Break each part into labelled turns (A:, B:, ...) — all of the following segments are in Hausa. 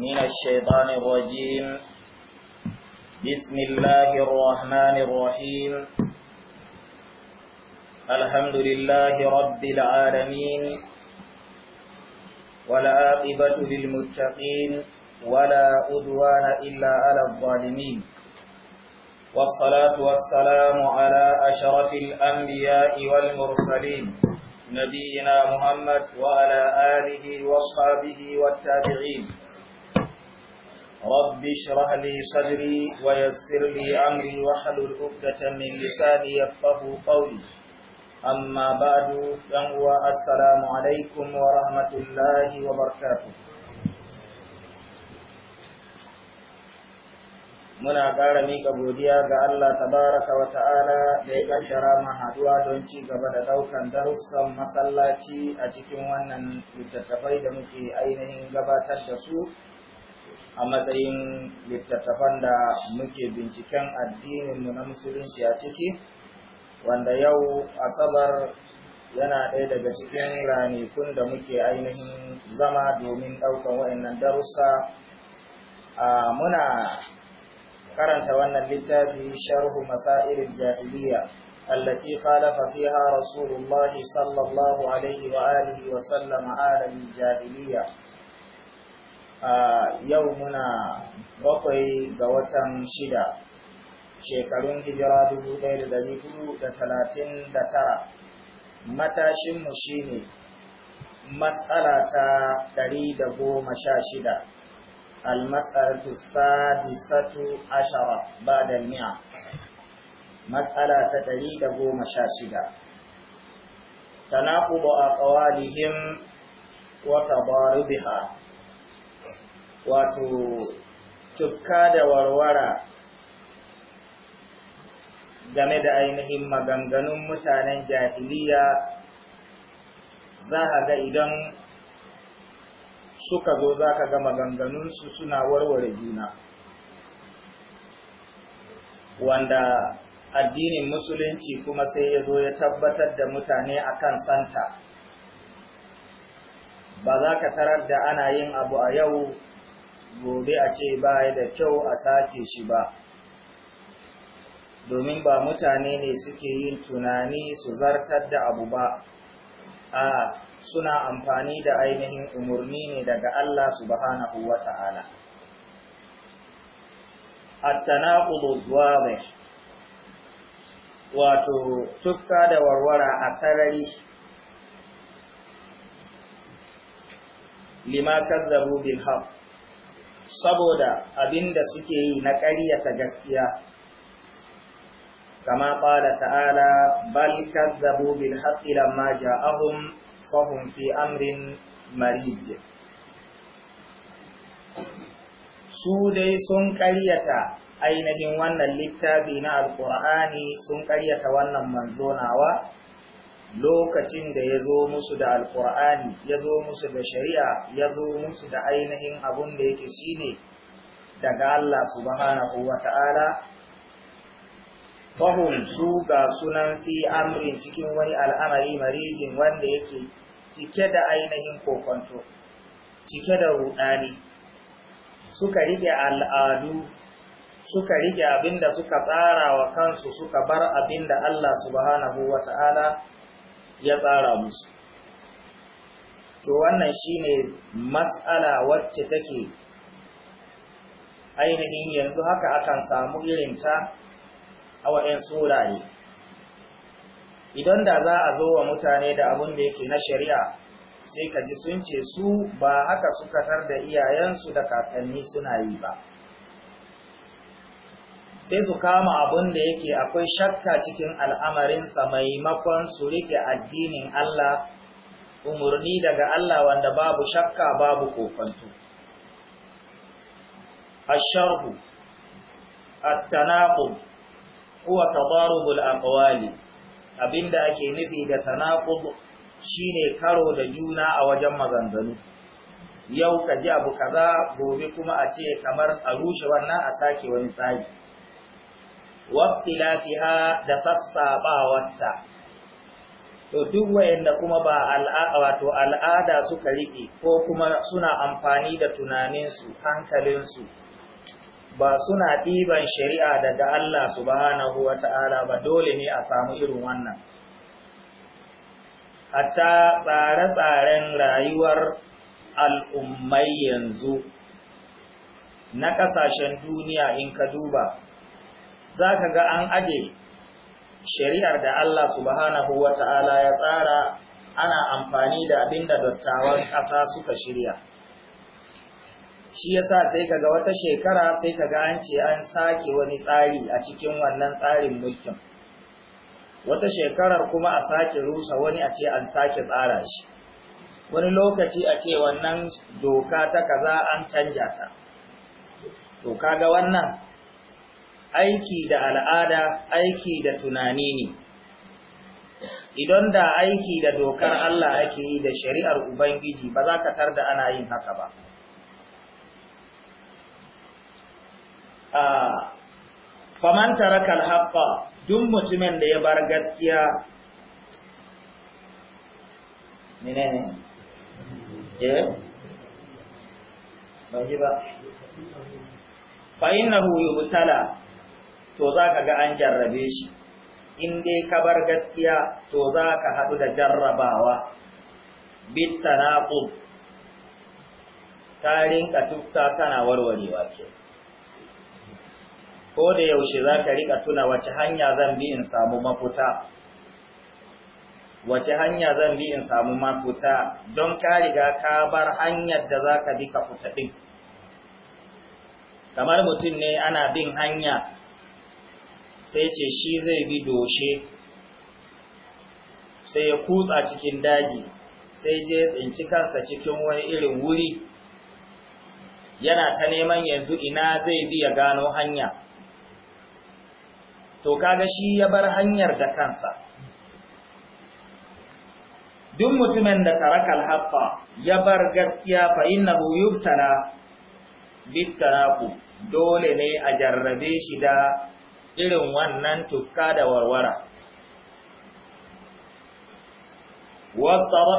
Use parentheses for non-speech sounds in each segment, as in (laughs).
A: من الشيطان الرجيم بسم الله الرحمن الرحيم الحمد لله رب العالمين والعاقبة للمتقين ولا أدوان إلا على الظالمين والصلاة والسلام على أشرف الأنبياء والمرسلين نبينا محمد وعلى آله وصحبه والتابعين رب اشرح لي صدري ويسر لي أمري واحلل عقدة من لساني يفقه قولي أما بعد فهو السلام عليكم ورحمة الله وبركاته muna ƙara miƙa godiya ga Allah tabaraka wa ta'ala da ya ƙaddara mu don ci gaba da ɗaukar darussan masallaci a cikin wannan littattafai da muke ainihin gabatar da su a matsayin littattafan da muke binciken addinin mu na musulunci a ciki wanda yau asabar yana ɗaya daga cikin ranakun da muke ainihin zama domin ɗaukan wa'annan darussa muna karanta wannan littafi sharhu masairin jahiliya التي خالف فيها رسول الله صلى الله عليه وآله وسلم آل الجاهلية A yau muna bakwai ga watan shida shekarun hijira dubu ɗaya da dari hudu da talatin da tara matashinmu shi ne matsala ta ɗari da goma sha shida almas'alatu sadisatu ashara ba da mi'a matsala ta ɗari da goma sha shida tanaƙubu a ƙawalihim wa tabaribiha wato tukka da warwara game da ainihin maganganun mutanen jahiliya za a ga idan suka zo za ka ga maganganunsu suna warware juna wanda addinin musulunci kuma sai ya zo ya tabbatar da mutane akan santa ba za ka tarar da ana yin abu a yau gobe a ce baya da kyau a sake shi ba domin ba mutane ne suke yin tunani su zartar da abu ba a suna amfani da ainihin umarni ne daga Allah subhanahu wa ta'ala at-tanaqud wato tukka da warwara a sarari lima kan bil haqq saboda abinda suke yi na ƙaryata gaskiya kama ƙwada ta'ala bal kazzabu bil haqqi maja ahun fahum fi amrin marij su dai sun ƙaryata ainihin wannan littafi na alƙur'ani sun ƙaryata wannan manzonawa lokacin da ya zo musu da alkur'ani ya zo musu da shari'a ya zo musu da ainihin abun da yake ne daga Allah subhanahu wa ta'ala fahim su ga sunan fi amrin cikin wani al'amari marijin wanda yake cike da ainihin kokonto cike da rudani suka rike al'adu suka rike abinda suka tsara wa kansu suka bar abinda Allah subhanahu wa ta'ala ya tsara musu to wannan shine matsala wacce take ainihin yanzu haka akan samu irinta a waɗansu wurare idan da za a zo wa mutane da abin da yake na shari'a sai ka ji sun ce su ba haka suka tar da iyayensu da kakanni suna yi ba sai su kama abin da yake akwai shakka cikin al'amarinsa maimakon su riƙe addinin Allah umarni daga Allah wanda babu shakka babu kofanto. Asharhu, at-tanaqub huwa tadarubul aqwali abinda ake nufi da tanaqub shine karo da juna a wajen maganganu. Yau ka ji abu kaza gobe kuma a ce kamar a rushe wannan a sake wani tsari. waqtilafiha da sassabawarta to duk wayanda kuma ba al'ada wato al'ada suka rike ko kuma suna amfani da tunaninsu hankalinsu ba suna ɗiban shari'a daga Allah subhanahu wata'ala ba dole ne a samu irin wannan hatta tsare-tsaren rayuwar al'ummai yanzu na ƙasashen duniya in ka duba za ka ga an aje shari'ar da Allah subhanahu wa ta'ala ya tsara ana amfani da abin da dattawan ƙasa suka shirya. Shi ya sa sai ga wata shekara sai kaga an ce an sake wani tsari a cikin wannan tsarin mulkin. Wata shekarar kuma a sake rusa wani a ce an sake tsara shi. Wani lokaci a ce wannan doka ta kaza an canja ta. Doka ga wannan aiki da al'ada aiki da tunani ne idan da aiki da dokar Allah ake yi da shari'ar ubangiji ba za ka tarda ana yin haka ba a faman tarakal haqqa duk mutumin da ya bar gaskiya ne? eh ba ji ba fa innahu yubtala to za ka ga an jarrabe shi in dai ka bar gaskiya to za ka haɗu da jarrabawa bitanaqub tarin ka tufta tana warwarewa ke ko da yaushe za ka rika tuna wace hanya zan bi in samu mafuta wace hanya zan bi in samu mafuta don ka riga ka bar hanyar da za ka bi ka fita ɗin kamar mutum ne ana bin hanya sai ce shi zai bi doshe sai ya kutsa cikin daji sai je tsinci kansa cikin wani irin wuri yana ta neman yanzu ina zai bi ya gano hanya to kaga shi ya bar hanyar da kansa duk mutumin da tarakal haffa ya bar gaskiya fa innahu yubtala bitaraqu dole ne a jarrabe shi da irin wannan tukka da warwara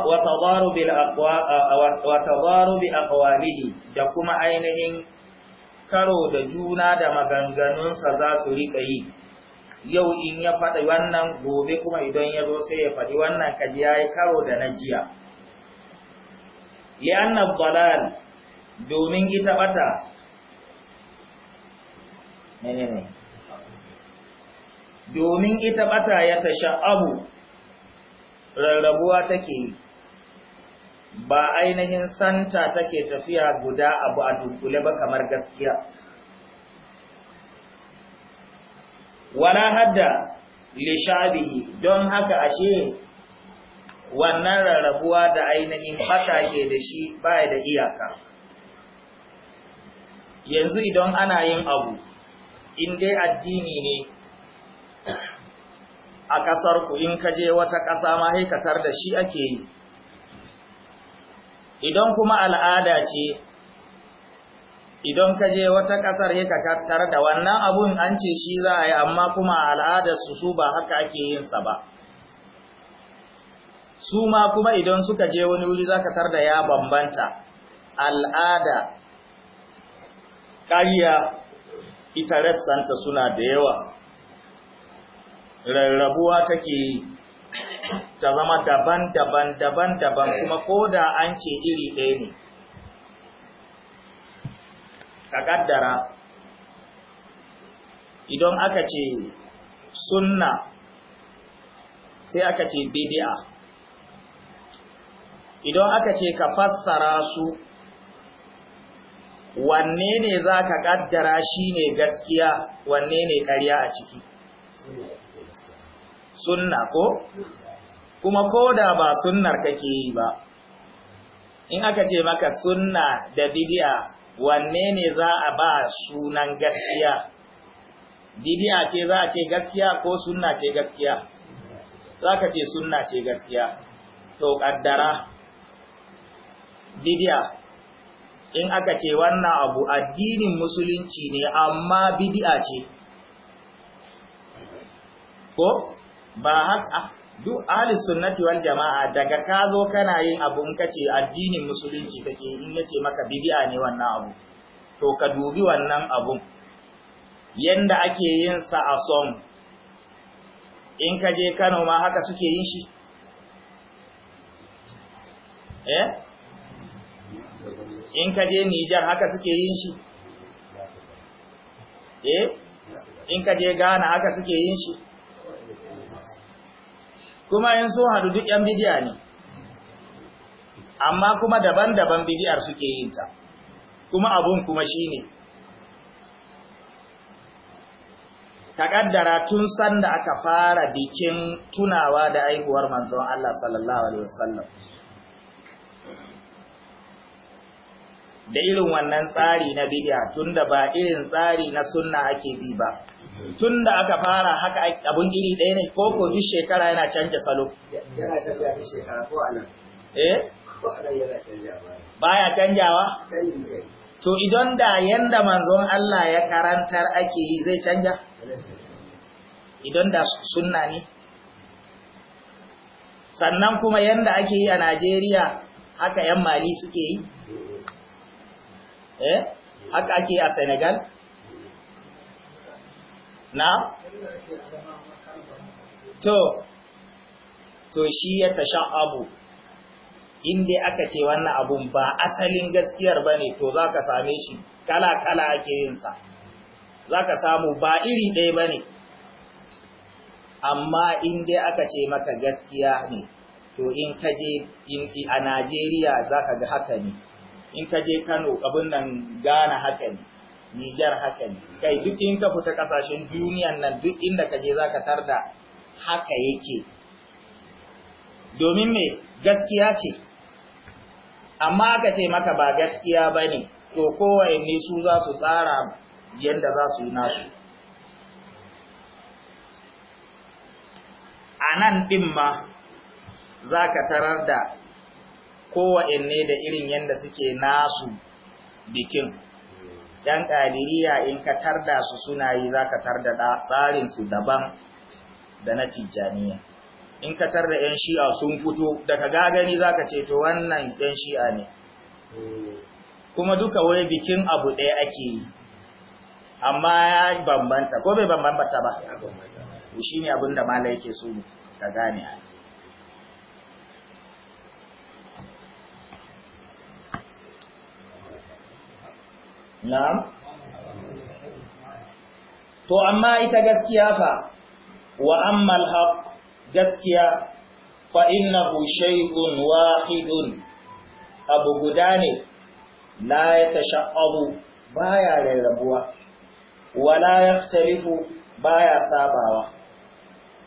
A: watazaru bi aqwalihi da kuma ainihin karo da juna da maganganunsa za su riƙa yi yau in ya faɗi wannan gobe kuma idan ya zo sai ya faɗi wannan kaji ya yi karo da na jiya anna balal domin ita bata ne. domin ita bata ya sha’abu rarrabuwa take yi ba ainihin santa take tafiya guda abu a dukule ba kamar gaskiya wala hadda lishabihi don haka ashe wannan rarrabuwa da ainihin bata ke da shi baya da iyaka yanzu idan ana yin abu in dai addini ne a ƙasarku in ka je wata ƙasa ma haikatar da shi ake yi idan kuma al'ada ce idan ka je wata ƙasar kakattar da wannan abun an ce shi za a yi amma kuma al'adar su su ba haka ake yinsa ba su ma kuma idan suka je wani wuri za ka tar da ya bambanta al'ada ƙariya ita santa suna da yawa rarrabuwa take yi ta zama daban-daban daban-daban kuma ko da an ce iri ɗaya ne ka ƙaddara idan aka ce sunna sai aka ce bidi'a idan aka ce ka fassara su wanne ne za ka ƙaddara shi ne gaskiya wanne ne ƙarya a ciki sunna ko kuma ko da ba sunnar kake yi ba in aka ce maka sunna da bidiya wanne ne za a ba sunan gaskiya bidiya ce za a ce gaskiya ko sunna ce gaskiya za ka ce sunna ce gaskiya to kaddara bidiya in aka ce wannan abu addinin musulunci ne amma bidiya ce ko ba haka ah, duk ahli sunnati wal jama'a daga ka zo kana yin abu in kace addinin musulunci kake in yace maka bid'a ne wannan abu to ka dubi wannan abun yanda ake yin sa a son in ka je Kano ma haka suke yin shi eh in ka je Niger haka suke yin shi eh in ka je Ghana haka suke yin shi kuma in sun haɗu duk ‘yan bidiya ne, amma kuma daban-daban bidiyar suke yin ta, kuma abun kuma shi ne. Ka ƙaddara tun sanda aka fara bikin tunawa da aihuwar manzon Allah sallallahu Alaihi wasallam. Da irin wannan tsari na bidiya tunda ba irin tsari na sunna ake bi ba. tun da aka fara haka abun iri ɗaya ne ko ko duk shekara yana canja salo yana canja duk shekara ko anan eh ko anan yana canjawa baya canjawa to idan da yanda manzon Allah ya karantar ake yi zai canja idan da sunna ne sannan kuma yanda ake yi a Najeriya haka yan mali suke yi eh haka ake a Senegal na? to to shi ya tasha abu inda aka ce wannan abun ba asalin gaskiyar ba ne to za ka same shi kala-kala ake yinsa za ka samu ba iri ɗaya ba ne amma inda aka ce maka gaskiya ne to in ka je a najeriya za ka ga haka ne in ka je kano abin nan gana haka ne Nijar haka ne, kai duk in ka fita kasashen duniyan nan duk inda ka je za ka tarda haka yake. Domin me gaskiya ce, amma aka ce maka ba gaskiya ba ne, to kowanne su za su tsara yadda za su yi nasu. A nan ɗin ma za ka tarar da kowanne da irin yadda suke nasu bikin. yan ƙadiriya in ka tarda su suna yi za ka tarda tsarinsu daban da na tijjaniya in ka tarda yan shi'a sun fito daga gagani za ka ce to wannan yan shi'a ne kuma duka wai bikin abu ɗaya ake yi amma ya bambanta ko bai bambanta ba shi ne abin da yake so ka gane a na'am to amma ita gaskiya fa wa ammal haq gaskiya fa innahu shay'un wahidun abu guda ne la yatashaqabu baya rarrabuwa wala yaftarifu baya sabawa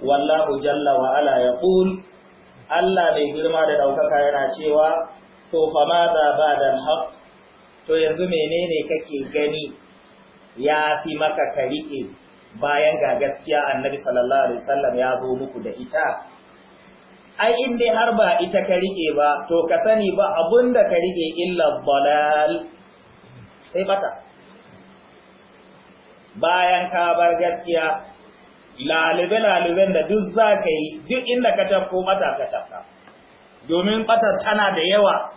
A: wallahu jalla wa ala yaqul Allah mai girma da ɗaukaka yana cewa to fa ma ba ba'da al to yanzu menene kake gani ya fi maka ka bayan ga gaskiya annabi sallallahu alaihi wasallam ya zo muku da ita ai in dai har ba ita ka ba to ka sani ba abun da ka illa balal sai bata bayan ka bar gaskiya lalube-laluben da duk za ka yi duk inda ka tafko mata ka tafka domin ɓatar tana da yawa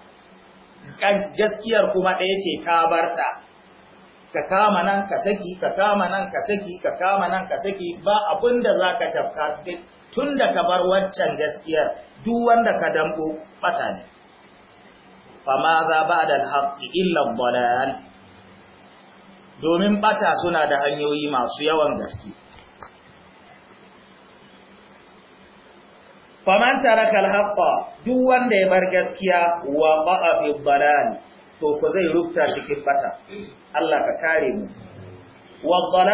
A: gaskiyar kuma ɗaya ce ka barta ka kama nan ka saki ka kama nan ka saki ka kama nan ka saki ba abin da za ka tafka tun da ka bar waccan gaskiyar duk wanda ka damko bata ne fama za ba da alhaƙi illan balal domin bata suna da hanyoyi masu yawan gaske faman taraka al duk wanda ya bar gaskiya wa ba'a fi dalal to ko zai rufta cikin bata Allah ka kare mu wa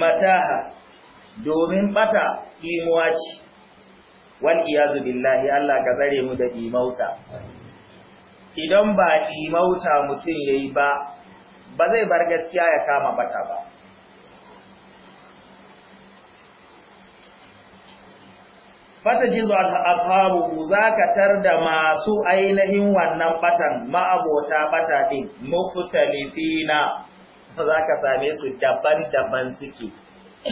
A: mataha domin bata imuwa ce wal iyazu billahi Allah ka zare mu da imauta idan ba imauta mutum yayi ba ba zai bar gaskiya ya kama bata ba fata za zaka tar da masu ainihin wannan batan ma'abota bata din za zaka same su daban-daban suke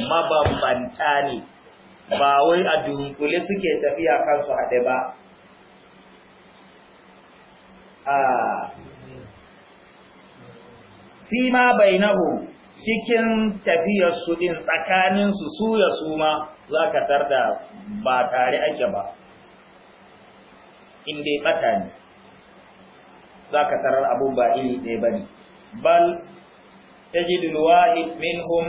A: mabambanta ne ba wai a dunkule suke tafiya kansu haɗe ba a fima bainahu cikin tafiyarsu ɗin tsakaninsu su ya suma za ka tarda ba tare ake ba in dai ɓata ne za ka tarar abun ba iri ɗaya ba ne bal ta ji min hun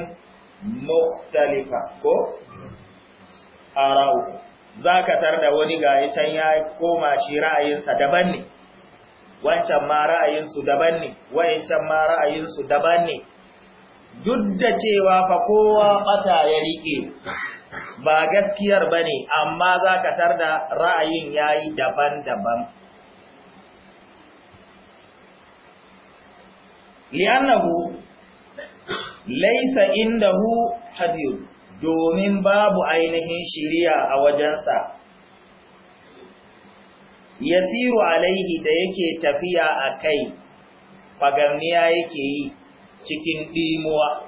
A: muhtalifa ko ra’u, za ka tarda wani ya can ya koma shi ra'ayinsa daban ne wancan ma ra'ayinsu daban ne wayancan ma ra'ayinsu daban ne duk da cewa fa kowa ɓata ya riƙe. ba gaskiyar ba ne amma za ka da ra'ayin yayi daban-daban li'annahu laisa indahu hadiyu domin babu ainihin shiriya a wajensa yasiru alaihi da yake tafiya a kai fagamniya yake yi cikin ɗimuwa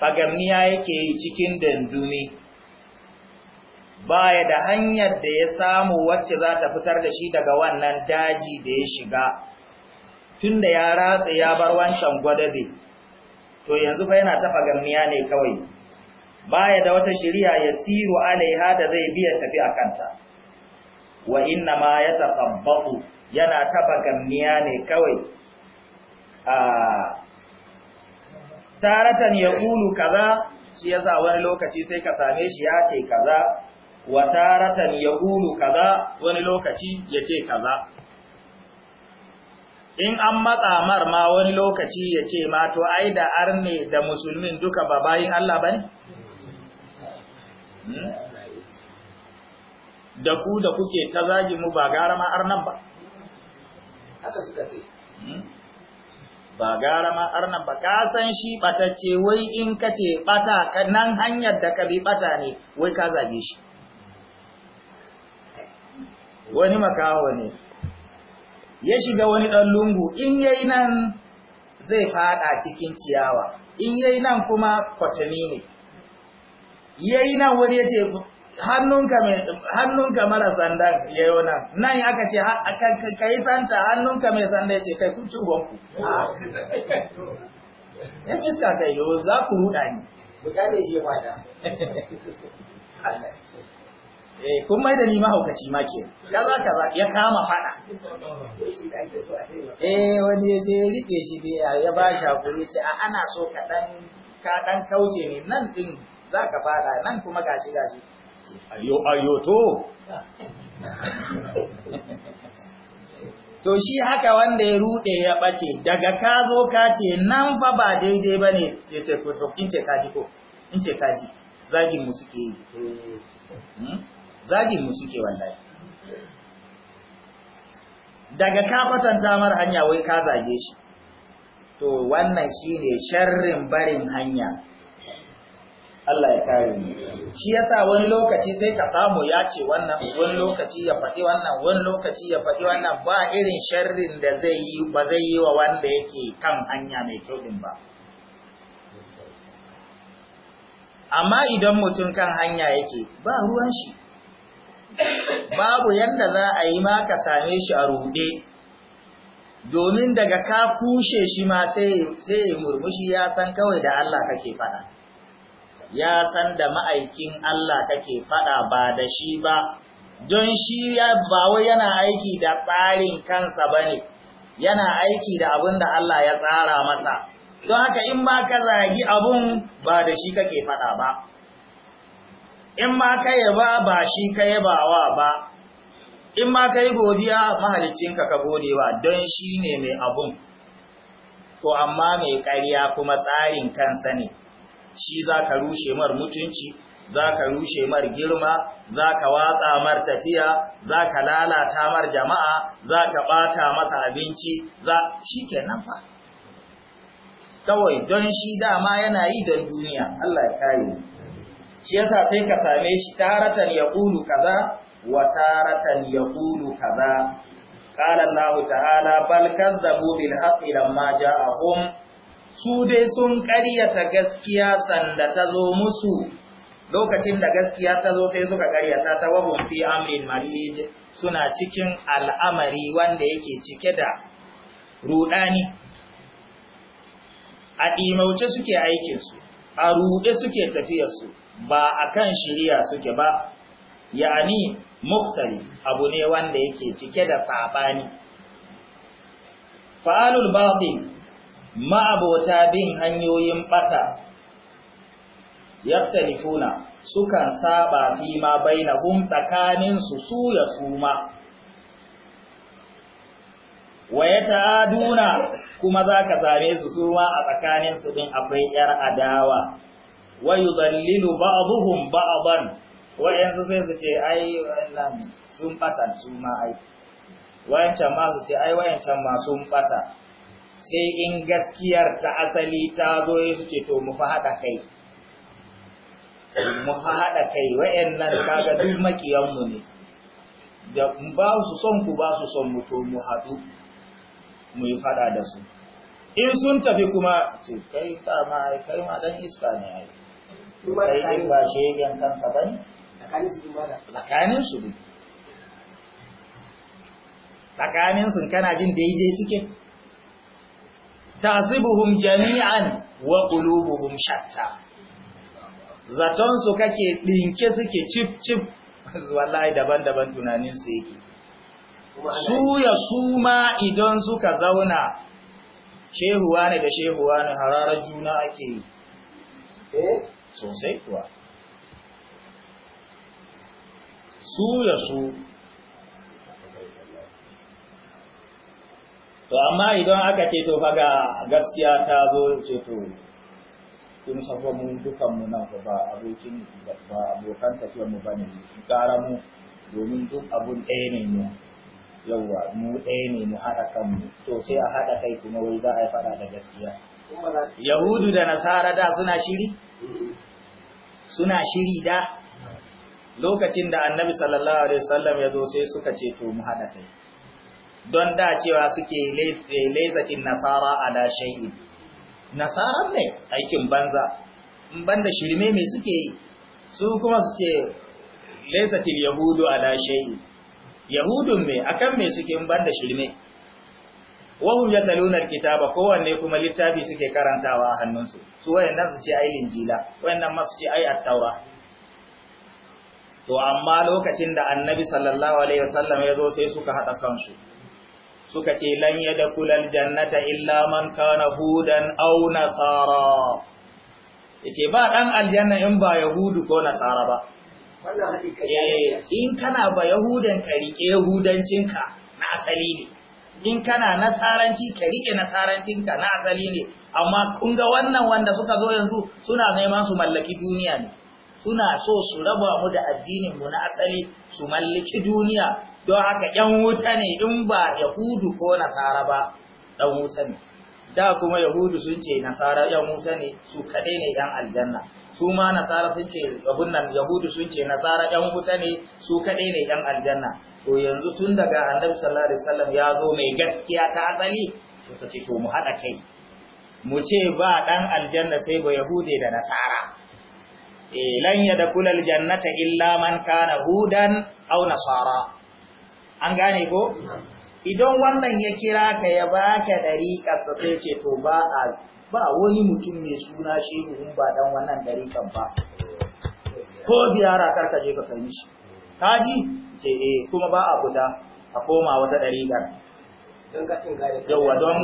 A: fagamniya yake yi cikin dandumi baya da hanyar da ya samu wacce za ta fitar da shi daga wannan daji da ya shiga tunda ya ratsa ya bar wancan gwadabe to yanzu fa yana ta fagamniya ne kawai baya da wata shiriya ya siru alaiha da zai biya tafi a kanta wa inna ma ya tafabbatu yana ta fagamniya ne kawai a ah, taratan ya ƙulu kaza shi ya wani lokaci sai ka same shi ya ce kaza wa taratan ya ƙulu kaza wani lokaci ya ce kaza in an matsa mar ma wani lokaci ya ce ma to ai da arne da musulmin duka ba bayin Allah ba ne? Hmm? da ku da kuke ta zagi mu ba gara ma arnan ba haka suka ce hmm? ba gara ma arnan ba ka san shi batacce wai in ka ce bata nan hanyar da ka bi bata ne wai ka zage shi wani makawo ne ya shiga wani ɗan lungu in yayi nan zai fada cikin ciyawa in yayi nan kuma kwatami ne yayi nan wani ya ce hannunka mara sanda ya yona nan aka ce ka yi santa hannunka mai sanda ya ce kai kucin gwanku ya fiska kai yau za ku ruɗa ni eh, kun mai da ni mahaukaci ma ke za ka ya kama fada eh wani ya je rike shi dai ya ba shi hakuri ce a ana so ka dan kauce ne nan din ka fada nan kuma gashi gashi ayo to shi haka wanda ya rude ya bace daga ka zo ka ce nan fa ba daidai bane ce ce ko to in ce kaji ko in ce kaji zagin mu suke yi hmm? zagin mu suke wallahi daga ka kwatanta mar hanya wai ka zage shi to wannan shine sharrin barin hanya Allah ya kare mu shi yasa wani lokaci sai ka samu ya ce wannan wani lokaci ya faɗi wannan wani lokaci ya faɗi wannan ba irin sharrin da zai yi ba zai yi wa wanda yake kan hanya mai kyau din ba amma idan mutum kan hanya yake ba ruwan shi babu yanda za a yi ma ka same shi a ruɗe domin daga ka kushe shi ma sai murmushi ya san kawai da Allah kake faɗa ya san da ma'aikin Allah kake faɗa ba da shi ba, don shi ba wai yana aiki da tsarin kansa ba ne, yana aiki da abin da Allah ya tsara masa. Don haka in ma ka zagi abun ba da shi kake faɗa ba, in ma ka yaba ba shi ka yabawa ba, in ma ka yi godiya mahalicinka ka gode godewa don shi ne mai abun. To amma mai ƙarya kuma tsarin kansa ne. shi za ka rushe mar mutunci za ka rushe mar girma za ka watsa mar tafiya za ka lalata mar jama'a za ka ɓata masa abinci za shi kenan fa kawai don shi dama yana yi don duniya Allah ya kayo shi yasa sai ka same shi taratan ya kaza wa taratan ya ƙulu kaza قال الله تعالى بل كذبوا بالحق لما جاءهم su dai sun ƙaryata gaskiya sanda ta zo musu lokacin da gaskiya ta zo sai suka ƙaryata ta wahun fi amrin marid suna cikin al'amari wanda yake cike da rudani a ɗimauce suke aikinsu a ruɗe suke tafiyarsu ba a kan shirya suke ba ya'ani muktari abu ne wanda yake cike da saɓani fa'alul batin ma'abota bin hanyoyin bata yaftalifuna sukan saba fi ma bainahum tsakaninsu su ya suma waya ta'aduna kuma zaka same su ma a tsakaninsu din akwai yar adawa wayu zallilu ba'dhum ba'dan wayansu sai su ce ai wannan sun bata suma ai wayancan ma su ce ai wayancan ma sun bata sai in gaskiyar ta asali ta zo ya suke to mu haɗa kai mu fa haɗa kai wa'annan kaga duk makiyanmu ne da ba su son ku ba su son mu to mu haɗu mu yi faɗa da su in sun tafi kuma ce kai ma ai kai ma dan iska ne ai kai ba shegen kanka bane tsakanin su ne tsakanin su kana jin daidai suke tasibuhum jami'an wa qulubuhum shatta zaton su kake dinke suke chip chip (laughs) wallahi daban-daban tunanin su yake su ya suma idan suka zauna shehuwa ne da shehuwa ne hararar juna ake yi eh sosai kuwa su ya su to amma idan aka ce to faga gaskiya ta zo ce to in hafa mu dukan mu nan ba abokin ba abokan tafiyar mu bane gara mu domin duk abun ɗaya ne mu yawwa mu ɗaya ne mu haɗa kanmu to sai a haɗa kai kuma wai za a yi faɗa da gaskiya yahudu da nasara da suna shiri suna shiri da lokacin da annabi sallallahu alaihi wasallam ya zo sai suka ce to mu haɗa kai don da cewa suke eh, laizatin nasara ala shay'in nasaran ne aikin banza in banda shirme mai suke yi su kuma suke laizatin yahudu ala shay'in yahudun me akan me suke in banda shirme wahum yataluna alkitaba kowanne kuma littafi suke karantawa a hannunsu su wayannan su ce ai linjila wayannan ma su ce ai at-taura to amma lokacin da annabi sallallahu alaihi wasallam ya zo sai suka hada kansu suka ce lan yadkhulal jannata illa man kana hudan aw nasara yace ba ɗan aljanna in ba yahudu ko nasara ba eh, in kana ba yahudan ka rike yahudancinka na asali ne in kana nasaranci ka rike nasarancinka na asali ne amma kun ga wannan wanda suka zo yanzu suna neman su mallaki duniya ne suna so su raba mu da addinin mu na asali su mallaki duniya don haka ‘yan wuta ne in ba Yahudu ko Nasara ba ɗan wuta ne, da kuma Yahudu sun ce Nasara ‘yan wuta ne su kaɗai ne ‘yan aljanna, su ma Nasara sun ce nan Yahudu sun ce Nasara ‘yan wuta ne su kaɗai ne ‘yan aljanna, to yanzu tun daga annabi sallallahu alaihi wasallam ya zo mai gaskiya ta asali, to ka ce to mu haɗa kai, mu ce ba ɗan aljanna sai ba Yahude da Nasara. E, lan ya da kulal jannata illa man kana hudan au nasara. an gane ko idan wannan ya kira ka ya baka dariƙarsa sai ce to ba a ba wani mutum mai suna shi hun ba dan wannan dariƙar ba ko ziyara karka je ka kai Ka ji? ce eh kuma ba a fita a koma wata dariƙar yawa don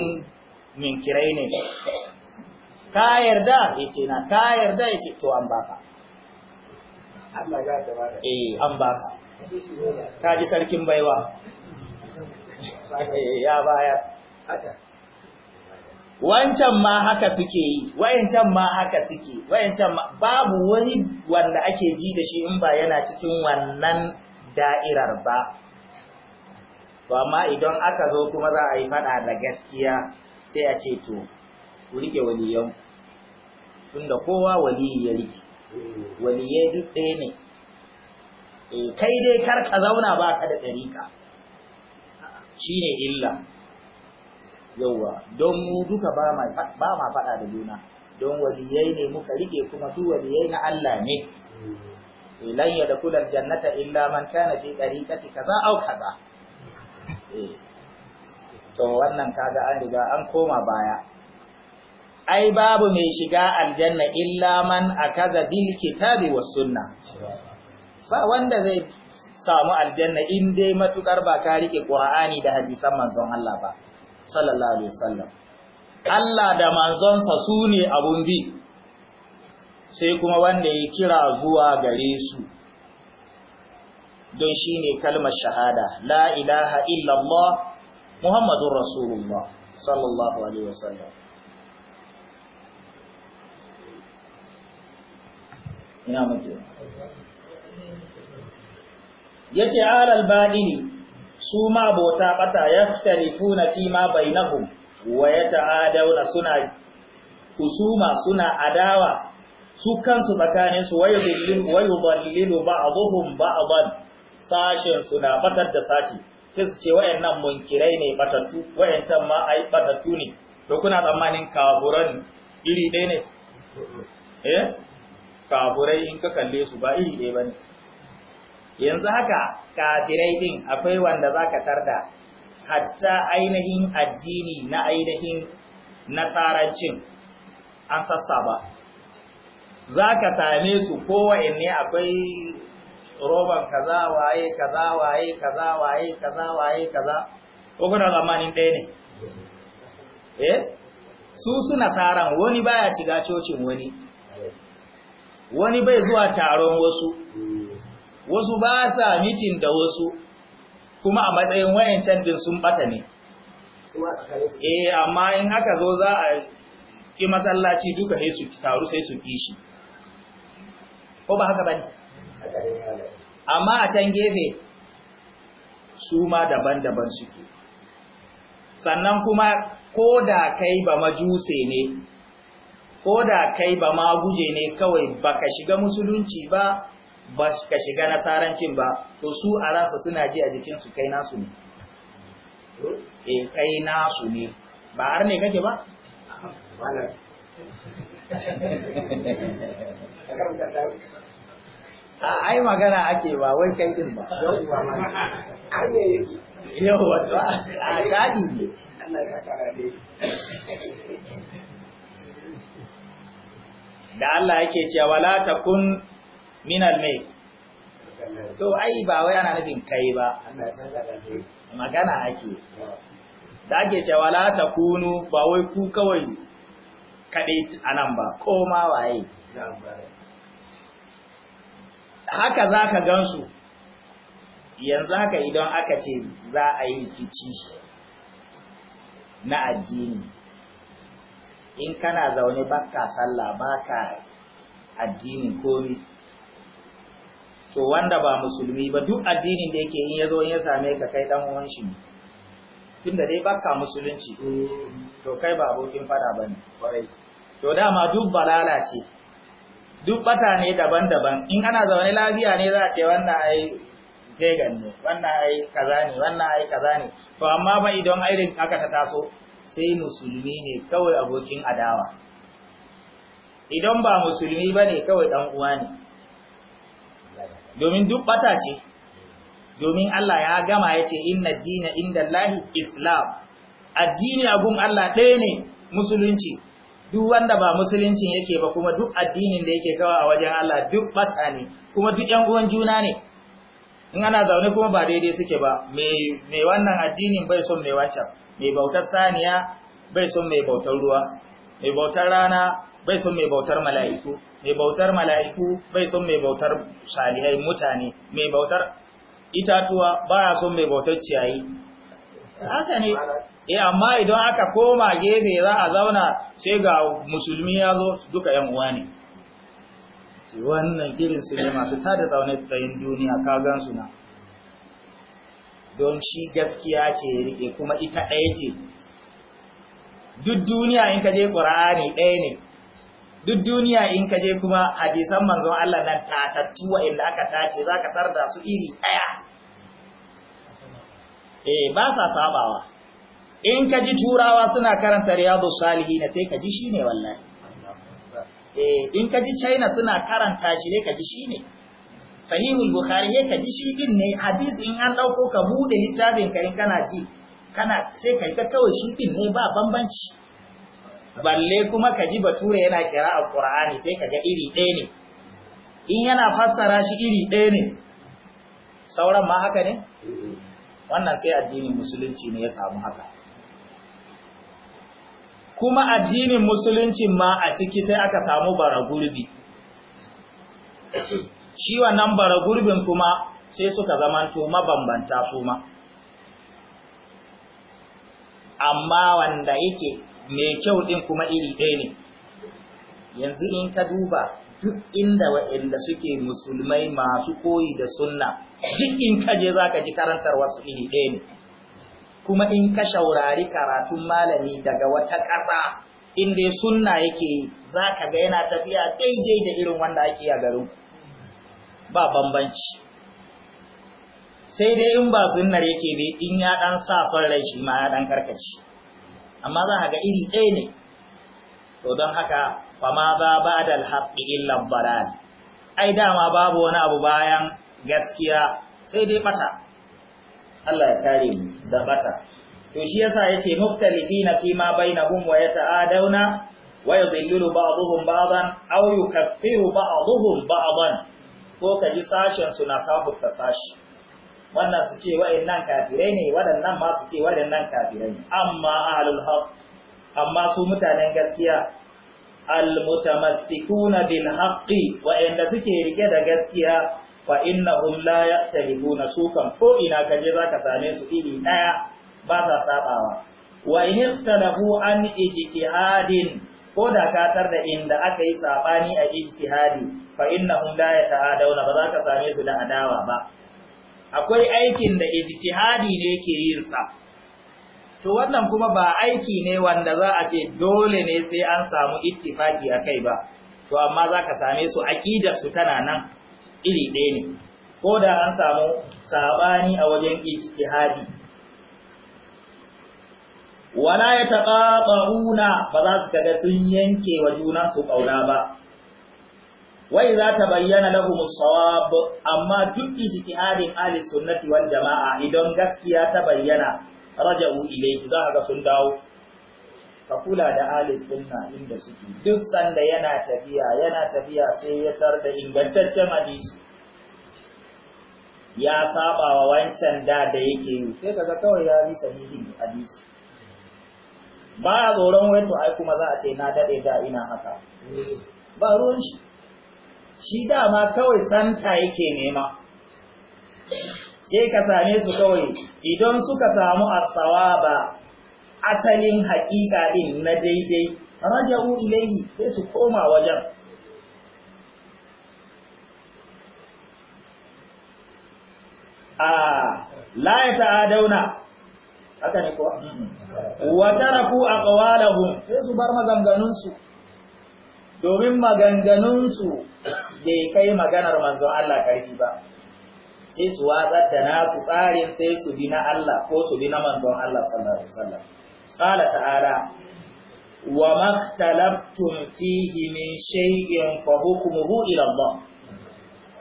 A: min kirai ne ka yarda Yace na ka yarda yace? to an baka Allah ya gaba da eh an baka ji sarkin baiwa ya baya wancan ma haka suke yi wayancan ma haka suke wayancan babu wani wanda ake ji da shi in ba yana cikin wannan da'irar ba to amma idan aka zo kuma za a yi fada da gaskiya sai a ce to ku rike waliyan tunda kowa waliyi ya rike waliyai duk ɗaya ne Eh, kai dai kar ka zauna ba ka da ɗarika shi ne illa yauwa don mu duka ba ma faɗa da juna don waliyai ne muka rike kuma duk waliyai na Allah ne eh, lan ya da kular jannata illa man kana fi ɗariƙati kaza au kaza eh, to wannan kaga an riga an koma baya ai babu mai shiga aljanna illa man akaza bil kitabi was sunna ba wanda zai samu aljanna in dai matukar ba ka rike Qur'ani da hadisan manzon Allah ba sallallahu alaihi wasallam Allah da manzonsa su ne abun bi sai kuma wanda ya kira zuwa gare su don shine kalmar shahada la ilaha illallah muhammadur rasulullah sallallahu alaihi wasallam ina muke yace alal badini su ma bota bata yaftarifuna fi ma bainahum wa yata'adawna suna Kusuma suna adawa su kansu tsakanin su wayu dallilu ba'dhum ba'dhan sashin suna batar da sashi sai su ce wayannan munkirai ne batatu wayancan ma ai batatu ne to kuna tsammanin kaburan iri ɗaya ne eh kaburai in ka kalle su ba iri ɗaya bane yanzu haka kafirai din akwai wanda zaka tarda hatta ainihin addini na ainihin nasarancin an sassaba zaka same su kowa ne akwai roban kaza waye kaza waye kaza waye kaza waye kaza ko kuna zamanin ɗaya ne eh su suna taron wani baya shiga cocin wani wani bai zuwa taron wasu wasu ba sa mitin da wasu kuma a matsayin wayancan din sun bata ne eh amma in haka zo za a ki masallaci duka sai su taru sai su kishi ko ba haka bane amma a can gefe su ma daban-daban suke sannan kuma ko da kai ba majuse ne ko da kai ba maguje ne kawai baka shiga musulunci ba ba ka shiga nasarancin ba to su a rasa suna ji a jikinsu kai nasu ne eh kai nasu ne ba har ne kake ba a (laughs) ah, ai magana ake ba wai kai din ba yau wato a ah, shaɗi ah, ne da Allah yake cewa la takun minal mai to ai ba wai ana nufin kai ba magana ake da ake cewa la ta kunu ba wai ku kawai kaɗai a nan ba koma waye
B: haka za ka
A: gansu yanzu haka idan aka ce za a yi rikici na addini in kana zaune baka sallah baka addinin komi to wanda ba musulmi ba duk addinin da yake in ya zo ya same ka kai dan uwan shi tunda dai baka musulunci to kai ba abokin fada bane to dama duk balala ce duk bata ne daban-daban in ana zaune lafiya ne za a ce wannan ai vegan ne wannan ai kaza ne wannan ai kaza ne to amma ba idan irin aka ta taso sai musulmi ne kawai abokin adawa idan ba musulmi bane kawai dan uwa ne domin duk bata ce domin Allah ya gama ya ce inna dina inda Allahi islam addini a Allah ɗaya ne musulunci duk wanda ba musuluncin yake ba kuma duk addinin da yake kawo a wajen Allah duk bata ne kuma duk yan uwan juna ne in ana zaune kuma ba daidai suke ba mai wannan addinin bai son mai wancan mai bautar saniya bai son mai bautar ruwa mai bautar rana bai son mai bautar mala'iku mai bautar mala'iku bai son mai bautar salihai mutane mai bautar itatuwa baya son mai bautar ciyayi haka ne E, amma idan aka koma gebe za a zauna sai ga musulmi ya zo duka yan uwa ne wannan irin su ne masu tada zaune tsayin duniya ka gan su na don shi gaskiya ce ya rike kuma ita ɗaya ce duk duniya in ka je ƙura'ani ɗaya ne duk duniya in ka je kuma hadisan manzon Allah nan tatattu inda aka tace za ka da su iri ɗaya. Eh ba sa sabawa. In ka ji turawa suna karanta riyadu salihi na sai ka ji shi ne wallahi. Eh in ka ji China suna karanta shi ne ka ji shi ne. Sahihul Bukhari ya ka ji shi din ne hadis in an ɗauko ka buɗe littafin ka in kana ji kana sai ka yi ka kawai shi din ne ba bambanci. balle kuma ka ji bature yana kira a ƙura'ani sai ka ga iri ɗaya ne in yana fassara shi iri ɗaya ne sauran ma haka ne wannan sai addinin musulunci ne ya samu haka kuma addinin musulunci ma a ciki sai aka samu baragurbi shi bara baragurbin kuma sai suka zamanto mabambanta su ma amma wanda yake mai kyau din kuma iri ɗaya ne yanzu in ka duba duk inda waɗanda suke musulmai masu koyi da sunna duk in ka je za ka ji karantar wasu iri ɗaya ne kuma in ka shaurari karatun malami daga wata ƙasa inda sunna yake za ka ga yana tafiya daidai da irin wanda ake a garin ba bambanci sai dai in ba sunnar yake bai in ya ɗan sa son rai shi ma ya ɗan karkaci amma za a ga iri ɗaya ne to don haka fama ba ba da alhaƙi illan balal ai dama babu wani abu bayan gaskiya sai dai ɓata. Allah ya kare mu da bata to shi yasa yace muftalifina fi ma bainahum wa yata'adawna wa yudhillu ba'dhum ba'dan aw yukaffiru ba'dhum ban, ko kaji sashen su na kafurta sashi wannan su ce wa'annan kafirai ne waɗannan ma su ce waɗannan kafirai amma ahlul haq amma su mutanen gaskiya almutamassikuna bil haqqi wa'anda suke rike da gaskiya fa innahum la ya'taribuna su kan ko ina kaje zaka same su iri daya ba sa sabawa wa in ikhtalafu an ijtihadin ko da ka tar da inda aka yi sabani a ijtihadi fa innahum la yata'adawna ba za ka same su da adawa ba akwai aikin da ijtihadi ne ke yin sa to wannan kuma ba aiki ne wanda za a ce dole ne sai an samu ittifaki akai ba to amma zaka same su aqidar su tana nan iri ɗaya ne ko da an samu sabani a wajen ijtihadi wala yataqabuna ba za su kaga sun yanke wa junan su kauna ba wai za ta bayyana lahum sawab amma duk ijtihadin ahli sunnati wal jamaa idan gaskiya ta bayyana raja'u ilayhi za ga sun dawo ka kula da ahli sunna inda suke duk sanda yana tafiya yana tafiya sai ya tar da ingantaccen hadisi ya saba wa wancan da da yake yi sai kaga kawai ya bi sahihin hadisi ba tsoron wai to ai kuma za a ce na dade da ina haka ba ruwan shi shi dama kawai santa yake nema sai ka same su kawai idan suka samu asawaba asalin haƙiƙa din na daidai raja'u ilayhi sai su koma wajen a la ya ta'adauna haka ne ko wa taraku aqwalahum sai su bar maganganunsu domin maganganunsu bai kai maganar manzon Allah ƙarfi ba sai su watsar da nasu tsarin sai su bi na Allah ko su bi na manzon Allah sallallahu alaihi wasallam ta'ala wa maktalabtum fihi min shay'in fa hukmuhu ila Allah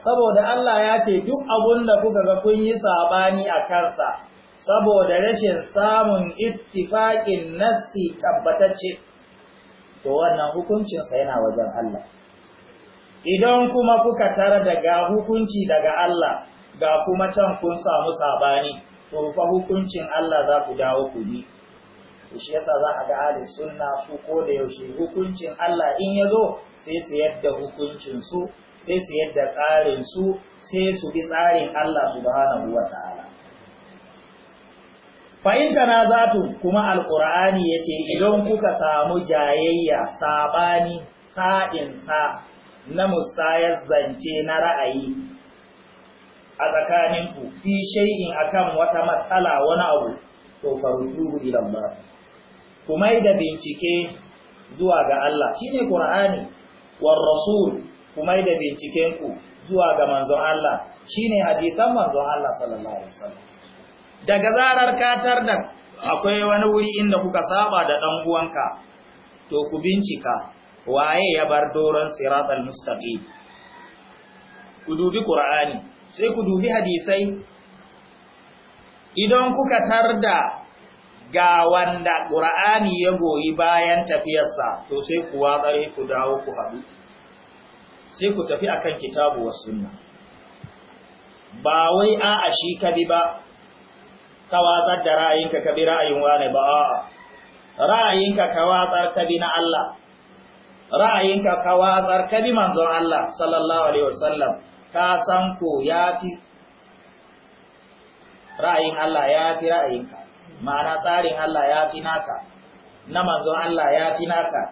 A: saboda Allah ya ce duk abun da kuka ga kun yi sabani a kansa saboda rashin samun ittifaqin nassi tabbatacce to wannan hukuncinsa yana wajen Allah idan kuma kuka tara daga hukunci daga Allah ga kuma can kun samu sabani to fa hukuncin Allah za ku dawo ku bi shi yasa za a ga ahli sunna su ko da yaushe hukuncin Allah in ya zo sai su yadda hukuncin su sai su yadda tsarin su sai su bi tsarin Allah subhanahu wataala kana na tu kuma Alƙur'ani ya ce idan kuka samu jayayya saɓani sa. na musayar zance na ra'ayi a tsakaninku fi shay'in akan wata matsala wani abu to farujuhu ba Allah kuma da bincike zuwa ga Allah shine Qur'ani war rasul kuma da binciken ku zuwa ga manzon Allah shine hadisan manzon Allah sallallahu alaihi wasallam daga zarar katar da akwai wani wuri inda kuka saba da dan uwanka to ku bincika waye ya bar doron siratal mustaqim ku dubi qur'ani sai ku dubi hadisai idan kuka tarda ga wanda qur'ani ya goyi bayan tafiyarsa to sai ku watsare ku dawo ku hadu, sai ku tafi akan kitabu was sunna ba wai a'a shi ka bi ba ka watsar da ra'ayinka ka bi ra'ayin wane ba a'a ra'ayinka ka watsar ka bi na Allah ra'ayinka ka watsar ka bi manzon Allah sallallahu alaihi wasallam ka san ko ya fi ra'ayin Allah ya yafi ra'ayinka ma'ana tsarin Allah ya fi naka na manzon Allah ya fi naka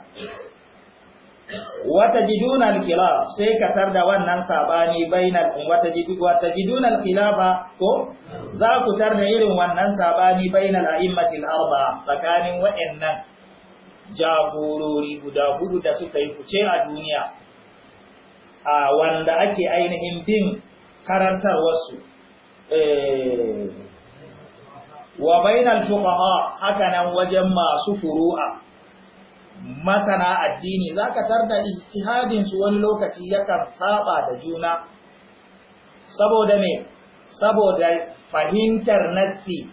A: wata al-khilaf sai ka tarda wannan sabani bainal ummata jidu wata jiduna alkhilafa ko za ku tarda irin wannan sabani bainal a'immatil arba tsakanin wa'annan jagorori guda hudu da suka yi fice a duniya a wanda ake ainihin bin karantarwarsu eh, wa bainal fuqaha nan wajen masu furu'a masana addini zaka tarda ijtihadin su wani lokaci yakan saba da juna saboda me saboda fahimtar nafsi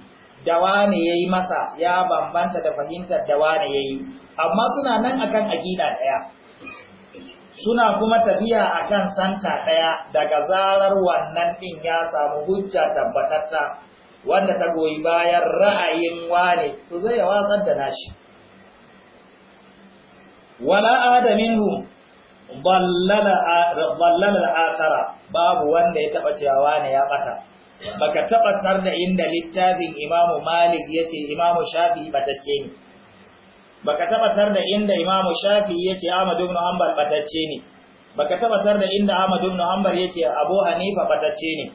A: da wani yayi masa ya bambanta da fahimtar da wani yayi amma suna nan akan aƙida ɗaya suna kuma tafiya akan santa ɗaya daga zarar wannan ɗin ya samu hujja tabbatatta wanda ta goyi bayan ra'ayin wane to zai watsar da nashi wala adaminhum ballala akara babu wanda ya taba cewa wane ya bata baka taba tar da inda littafin imamu malik yace imamu shafi'i batacce ne baka tabbatar da inda Imam shafi yake Ahmad ibn Hanbal batacce ne baka tabbatar da inda Ahmad ibn Hanbal yake Abu Hanifa batacce ne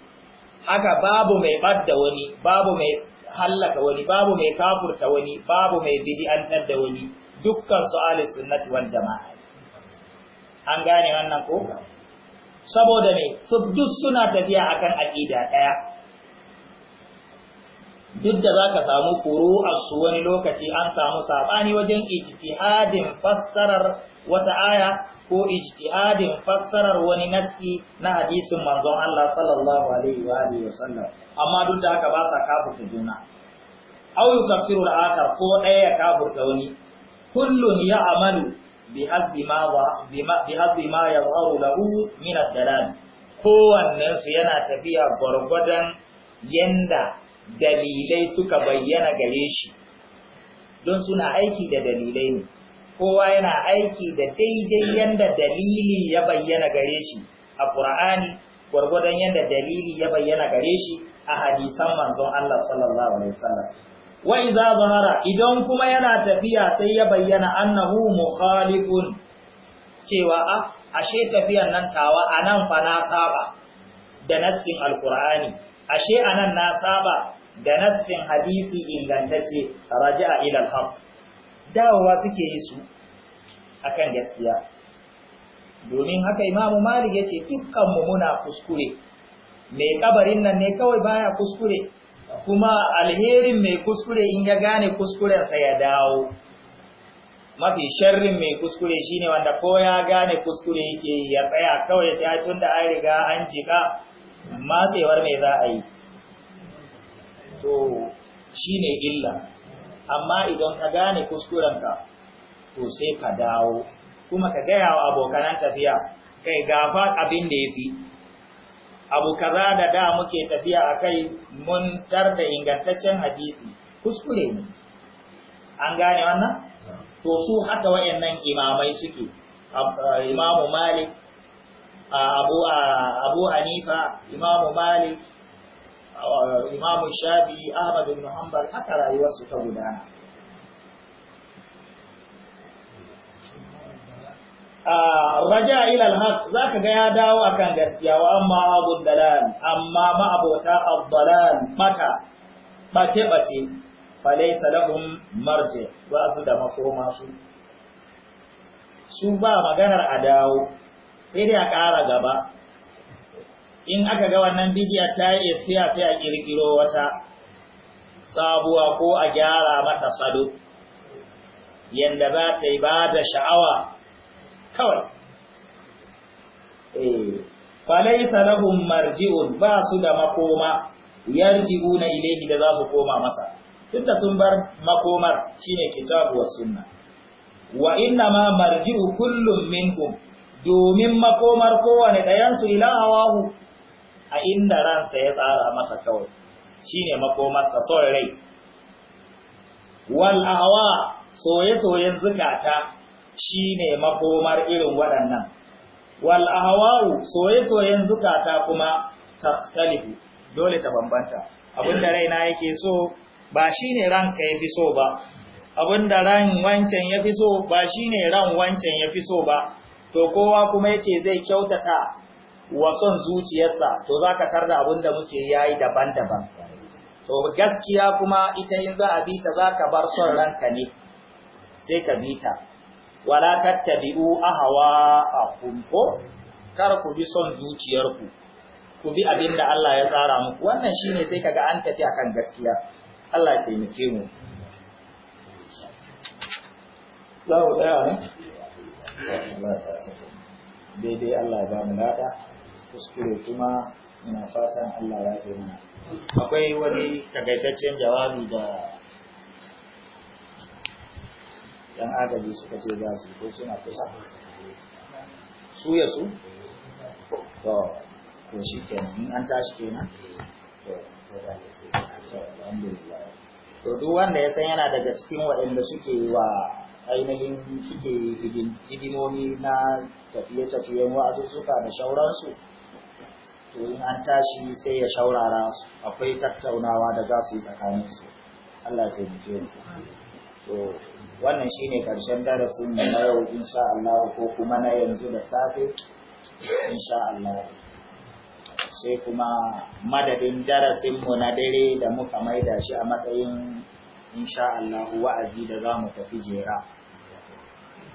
A: haka babu mai badda wani babu mai hallaka wani babu mai kafurta wani babu mai bid'antar da wani dukkan su ahli sunnati wal jamaa an gane wannan ko saboda ne su duk suna tafiya akan aqida daya duk da za ka samu su wani lokaci an samu saɓani wajen ijtihadin fassarar wata aya ko ijtihadin fassarar wani nassi na hadisin manzon Allah sallallahu alaihi wa alihi wasallam amma duk da haka ba sa kafurta juna aw yukaffiru al-akhar ko ɗaya ya kafurta wani kullun ya'malu bihasbi ma wa bihasbi ma yadhharu lahu min ad-dalal kowannen su yana tafiya gwargwadon yanda dalilai suka bayyana gare shi don suna aiki da dalilai ne kowa yana aiki da daidai yanda dalili ya bayyana gare shi a ƙur'ani gwargwadon yanda dalili ya bayyana gare shi a hadisan manzon Allah sallallahu alaihi wasallam wa idza zahara idan kuma yana tafiya sai ya bayyana annahu mukhalifun cewa a ah, ashe tafiyan nan tawa anan fa na saba da naskin alqur'ani ashe anan na saba da nassin hadisi ingantacce raja'a ila al-haq dawowa suke yi su akan gaskiya domin haka imamu malik yace dukkan mu muna kuskure mai kabarin nan ne kawai baya kuskure kuma alherin mai kuskure in ya gane kuskurensa ya dawo mafi sharrin mai kuskure shine wanda ko ya gane kuskure yake ya tsaya kawai ya ce tun da an riga an jika matsewar mai za a yi to shi ne illa amma idan ka gane kuskurenka to sai ka dawo kuma ka gaya wa abokanan tafiya kai gafa abin da ya fi abu kaza da da muke tafiya a kai mun tar da ingantaccen hadisi kuskure ne an gane wannan to su haka waɗannan imamai suke eh, imamu malik abu abu hanifa imamu malik imamu shafi ahmad ibn hanbal haka rayuwarsu ta gudana raja ila alhaq zaka ga ya dawo akan gaskiya wa amma abu dalal amma ma abota ad-dalal mata bace bace falaysa lahum marji wa azu da makoma su su ba maganar a dawo sai dai a ƙara gaba in aka ga wannan bidiyar ta yi siya sai a ƙirƙiro wata sabuwa ko a gyara mata sado yadda za ta yi ba da sha'awa kawai eh, Falai Salahun marji'un ba su da makoma na ilehi da za su koma masa tunda sun bar makomar shine kitabu was sunna wa inna ma marji'u kullum minhum domin makomar kowane ɗayansu ila hawahu a inda ransa ya tsara masa kawai shine makomarsa son rai wal hawa soye-soyen zukata shine makomar irin waɗannan wal ahwa soye-soyen zukata kuma taktalifu dole ta bambanta abinda raina yake so ba shine ranka ya fi so ba abinda ran wancan ya fi so ba shine ran wancan ya fi so ba to kowa kuma yace zai kyautata wa son zuciyarsa to zaka tarda abinda muke yayi daban-daban to gaskiya kuma ita in za a bi ta zaka bar son ranka ne sai ka bi ta wala tattabi'u ahwa akum ko kar ku bi son zuciyarku ku bi abinda Allah ya tsara muku wannan shine sai kaga an tafi akan gaskiya Allah ya taimake mu za mu ne daidai Allah ba mu lada kuskure kuma ina fatan Allah ya yi mana akwai wani tagaitaccen jawabi da yan agaji suka ce za su ko suna kusa su ya su to to shi kenan in an tashi kenan to to alhamdulillah to duk wanda ya san yana daga cikin waɗanda suke wa ainihin suke hidimomi na tafiye-tafiyen wa'azuzzuka da shauransu to in an tashi sai ya shaurara akwai tattaunawa da za su yi tsakaninsu Allah ta muke to wannan shine karshen darasin na yau insha Allah ko kuma na yanzu da safe insha Allah sai kuma madadin darasinmu na dare da muka maida shi a matsayin insha Allah wa'azi da za mu tafi jera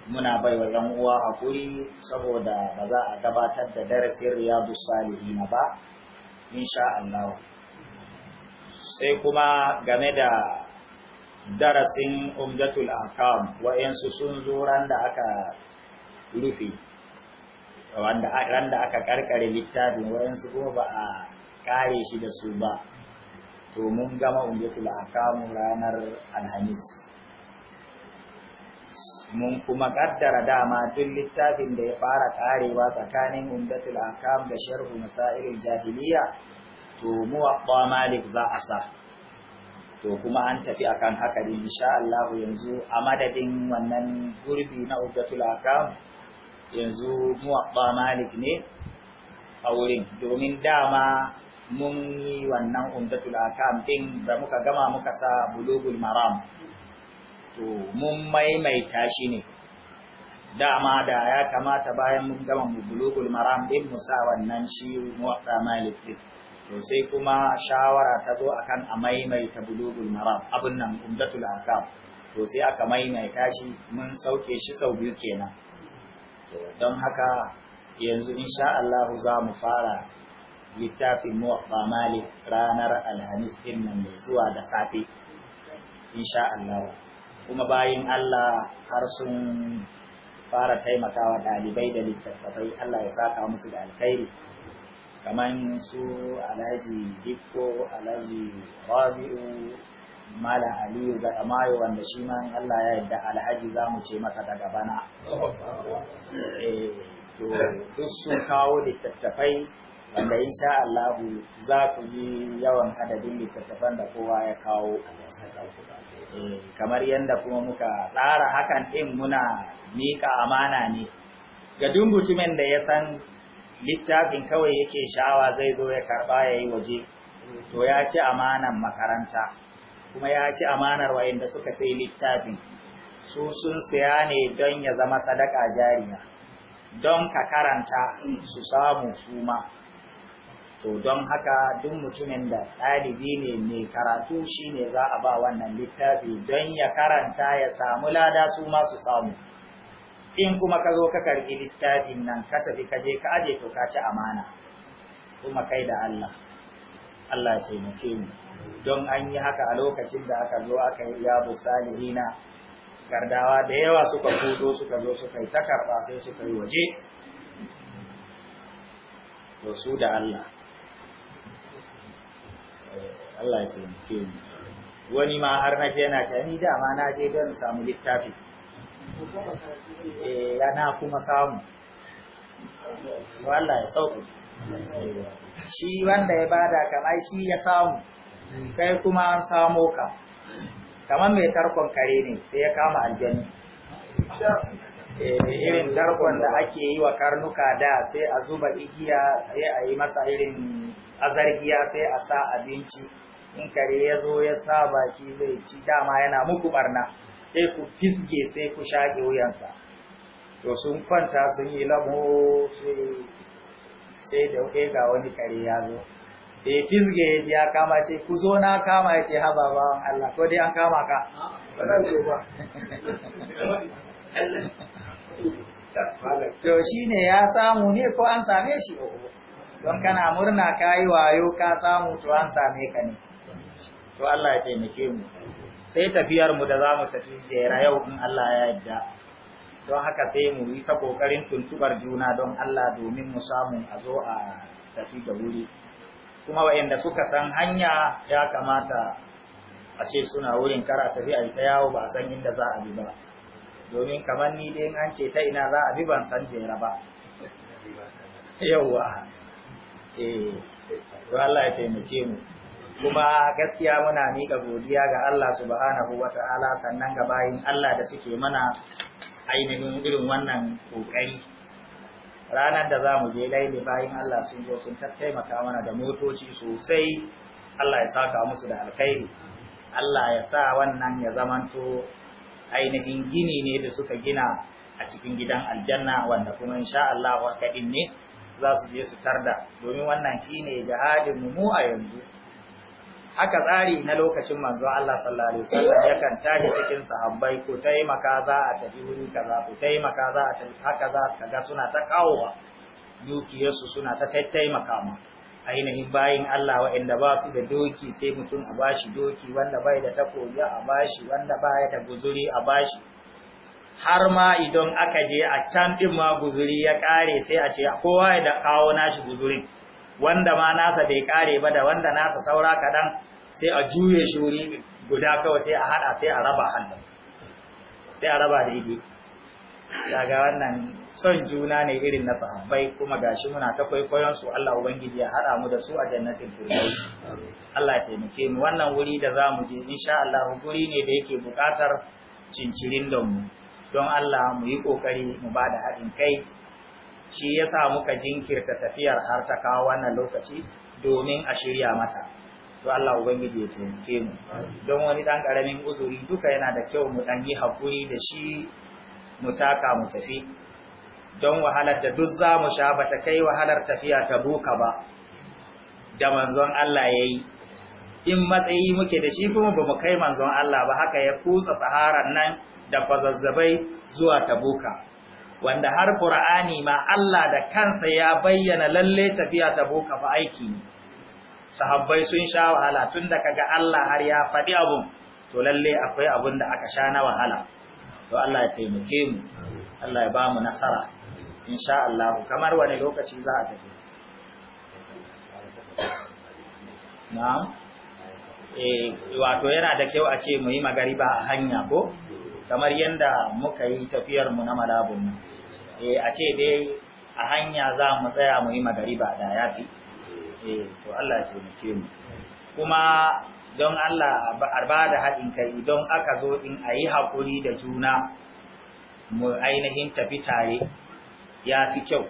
A: muna bai wa ‘yan uwa akuri saboda ba za a gabatar da darasin riyadu salihina ba insha Allah sai kuma game da darasin umdatul akam wa'yansu sun zo ran da aka rufe ran aka karkare littafin wa'yansu kuma ba a kare shi da su ba to mun gama umdatul akamu ranar alhamis mun kuma kaddara dama duk littafin da ya fara karewa tsakanin umdatul akam da sharhu masailil jahiliya to mu muwaqqa malik za a sa to kuma an tafi akan haka din insha Allah yanzu a madadin wannan gurbi na umdatul akam yanzu mu muwaqqa malik ne a wurin domin dama mun yi wannan umdatul akam din da muka gama muka sa bulugul maram to mun maimaita shi ne dama da ya kamata bayan mun gama bulugul maram din mu sa wannan shi muwadda malik din to sai kuma shawara ta zo akan a maimaita bulugul maram abin nan umdatul akam to sai aka maimaita shi mun sauke shi sau biyu kenan to don haka yanzu insha Allah za mu fara littafin muwaffa malik ranar alhamis din nan mai zuwa da safe insha Allah kuma bayan Allah har sun fara taimakawa dalibai da littattafai Allah ya saka musu da alkhairi kamar su alhaji dikko alhaji rabi'u Malam Aliyu ga Amayo wanda shi ma Allah ya yarda Alhaji za mu ce masa daga bana. Eh, to duk sun kawo littattafai wanda insha Allah za ku ji yawan adadin littattafan da kowa ya kawo eh, kamar yadda kuma muka tsara hakan ɗin muna miƙa amana ne ga duk mutumin da ya san littafin kawai yake sha'awa zai zo ya karɓa ya yi waje to ya ci amanan makaranta kuma ya ci amanar wayanda suka sai littafin su sun siya ne don ya zama sadaka jariya don ka karanta su samu suma to don haka duk mutumin da ɗalibi ne mai karatu shi ne za a ba wannan littafi don ya karanta ya samu lada su masu samu in kuma ka zo ka karɓi littafin nan ka tafi ka je ka aje to ka ci amana kuma kai da Allah Allah ya taimake ni don an yi haka a lokacin da aka zo aka yi yabu salihina gardawa da yawa suka kudo suka zo suka yi ta karɓa sai suka yi waje to su da Allah Allah ya taimake ni wani ma har na je yana tani da, ma na je don samu littafi eh na kuma samu wallahi sauki shi wanda ya bada kamar shi ya samu kai kuma an samo ka kamar mai tarkon kare ne sai ya kama aljanni eh, irin tarkon da ake yi wa karnuka da sai a zuba igiya sai a yi masa irin azargiya sai a sa abinci in kare ya zo ya sa baki zai ci dama yana muku barna sai ku fisge sai ku shaƙe wuyansa to sun kwanta sun yi lamo sai da kai ga wani kare ya zo da ya fisge ya kama ce ku zo na kama ya ce haba bawan Allah ko dai an kama ka (laughs) to shi ne ya samu ne ko an same shi don kana murna ka yi wayo ka samu to an same ka ne to Allah ya taimake mu sai tafiyar mu da za mu tafi jera yau in Allah ya yarda don haka sai mu yi ta kokarin tuntubar juna don Allah domin mu samu a zo a tafi da wuri kuma wayanda suka san hanya ya kamata a ce suna wurin kar a tafi a yi ta yawo ba a san inda za a bi ba domin kamar ni dai an ce ta ina za a bi ban san jera ba yauwa eh Allah ya taimake mu kuma gaskiya muna miƙa godiya ga Allah subhanahu wa ta'ala sannan ga bayin Allah da suke mana ainihin irin wannan ƙoƙari ranar da za mu je laili bayin Allah sun zo sun tattaimaka mana da motoci sosai Allah ya saka musu da alkhairi Allah ya sa wannan ya zamanto ainihin gini ne da suka gina a cikin gidan aljanna wanda kuma insha Allah wa ne za su je su tarda domin wannan shine jihadin mu a yanzu haka tsari na lokacin manzo Allah sallallahu alaihi wasallam yakan tashi cikin sahabbai ko taimaka za a tafi wuri kaza ko taimaka za a tafi haka za ka ga suna ta kawowa dukiyarsu suna ta taimaka ma ainihin bayin Allah waɗanda ba su da doki sai mutum a bashi doki wanda bai da takobi a bashi wanda bai da guzuri a bashi har ma idan aka je a can din ma guzuri ya kare sai a ce kowa ya da kawo nashi guzurin wanda ma nasa bai kare ba da wanda nasa saura kaɗan sai a juye shuri guda kawai sai a haɗa sai a raba hannun sai a raba daidai daga wannan son juna ne irin na sahabbai kuma gashi muna ta kwaikwayon su Allah ubangiji ya haɗa mu da su a jannatin firdaus Allah ya taimake mu wannan wuri da za mu je insha Allah guri ne da yake buƙatar cincirin don mu don Allah mu yi ƙoƙari mu ba da haɗin kai shi ya sa muka jinkirta tafiyar har ta kawo wannan lokaci domin a shirya mata to Allah ubangiji ya taimake mu don wani dan karamin uzuri duka yana da kyau mu dan yi hakuri da shi mu taka mu tafi don wahalar da duk za mu sha bata kai wahalar tafiya ta buka ba da manzon Allah yayi in matsayi muke da shi kuma ba mu kai manzon Allah ba haka ya kutsa saharan nan da fazazzabai zuwa tabuka wanda har Qur'ani ma Allah da kansa ya bayyana lalle tafiya ta boka fa aiki ne sahabbai sun sha wahala tun da kaga Allah har ya faɗi abun to lalle akwai abun da aka sha na wahala to Allah ya taimake mu Allah ya ba mu nasara insha Allah kamar wani lokaci za a tafi na'am eh wato yana da kyau a ce mu yi magariba a hanya ko kamar yadda muka yi tafiyar mu na malabun nan eh a ce dai a hanya za mu tsaya mu yi magariba da ya fi. eh to Allah ya taimake mu kuma don Allah ba da haɗin kai don aka zo in a yi haƙuri da juna mu ainihin tafi tare ya fi kyau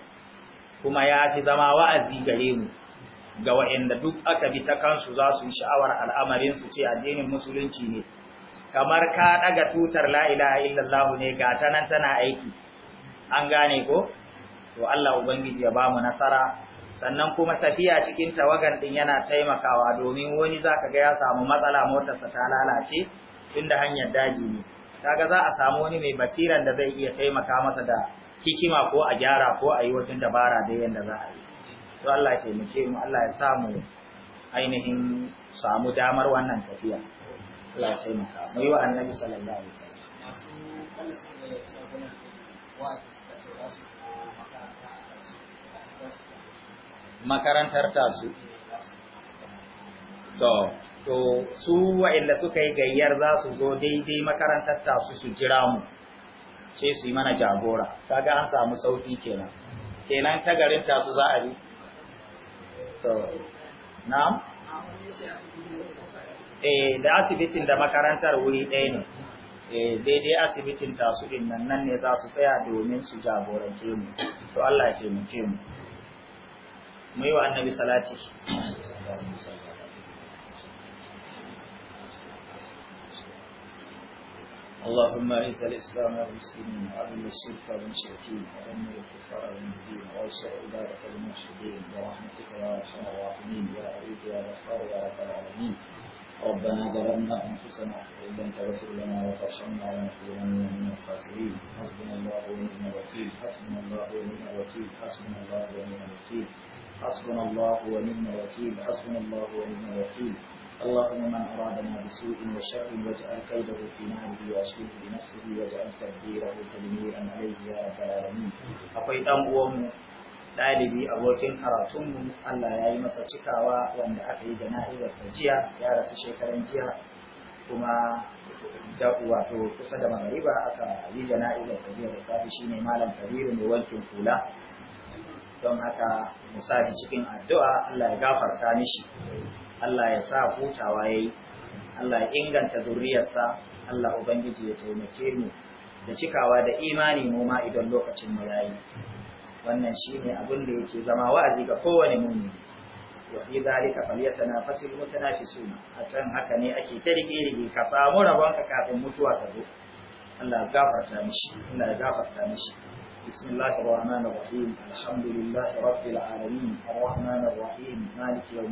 A: kuma ya fi zama wa'azi gare mu ga waanda duk aka bi ta kansu za su yi sha'awar al'amarin su ce addinin musulunci ne kamar ka daga tutar la ilaha illallah ne ga ta nan tana aiki an gane ko to Allah ubangiji ya bamu nasara sannan kuma tafiya cikin tawagan ɗin yana taimakawa domin wani zaka ga ya samu matsala motarsa ta lalace tunda hanyar daji ne kaga za a samu wani mai basiran da zai iya taimaka masa da hikima ko a gyara ko a yi wata dabara da yanda za a yi to Allah ya taimake mu Allah ya samu ainihin samu damar wannan tafiya annabi sallallahu makarantar tasu to to su wa'inda suka yi gayyar za su zo daidai makarantar tasu su jira mu sai su yi mana jagora kaga an samu sauki kenan kenan ta garin tasu za a bi to na'am eh da asibitin da makarantar wuri ɗaya ne eh daidai asibitin tasu din nan nan ne za su tsaya domin su jagorance mu to Allah ya taimake mu mu yi wa annabi salati اللهم اعز الإسلام والمسلمين واذل الشرك والمشركين ودمر الكفار والمجدين وأوسع عبادك الموحدين برحمتك يا ارحم الراحمين يا عزيز يا غفار
B: يا رب العالمين ربنا ظلمنا أنفسنا وإن لم تغفر لنا وترحمنا
A: لنكونن من الخاسرين حسبنا الله ونعم الوكيل حسبنا الله ونعم الوكيل حسبنا الله ونعم الوكيل حسبنا الله ونعم الوكيل حسبنا الله ونعم الوكيل اللهم من أرادنا بسوء وشر واجعل كيده في نهره وأشركه بنفسه واجعل تدبيره تدميرا عليه يا رب العالمين ɗalibi abokin karatunmu Allah ya yi masa cikawa wanda aka yi jana'izar jiya ya rasu shekaran jiya kuma da wato kusa da magariba aka yi jana'izar jiya da safi ne malam kabiru mai wankin kula don haka musafi cikin addu'a Allah ya gafarta mishi Allah ya sa hutawa yayi Allah ya inganta zuriyarsa Allah ubangiji ya taimake mu da cikawa da imani mu ma idan lokacin mu yayi wannan shine abin da yake zama wa'azi ga kowane mumini wa fi zalika falyatanafasul mutanafisun akan haka ne ake ta rike rike ka samu rabonka kafin mutuwa ta zo Allah ya gafarta mishi Allah ya gafarta mishi بسم الله الرحمن الرحيم الحمد لله رب العالمين الرحمن الرحيم مالك يوم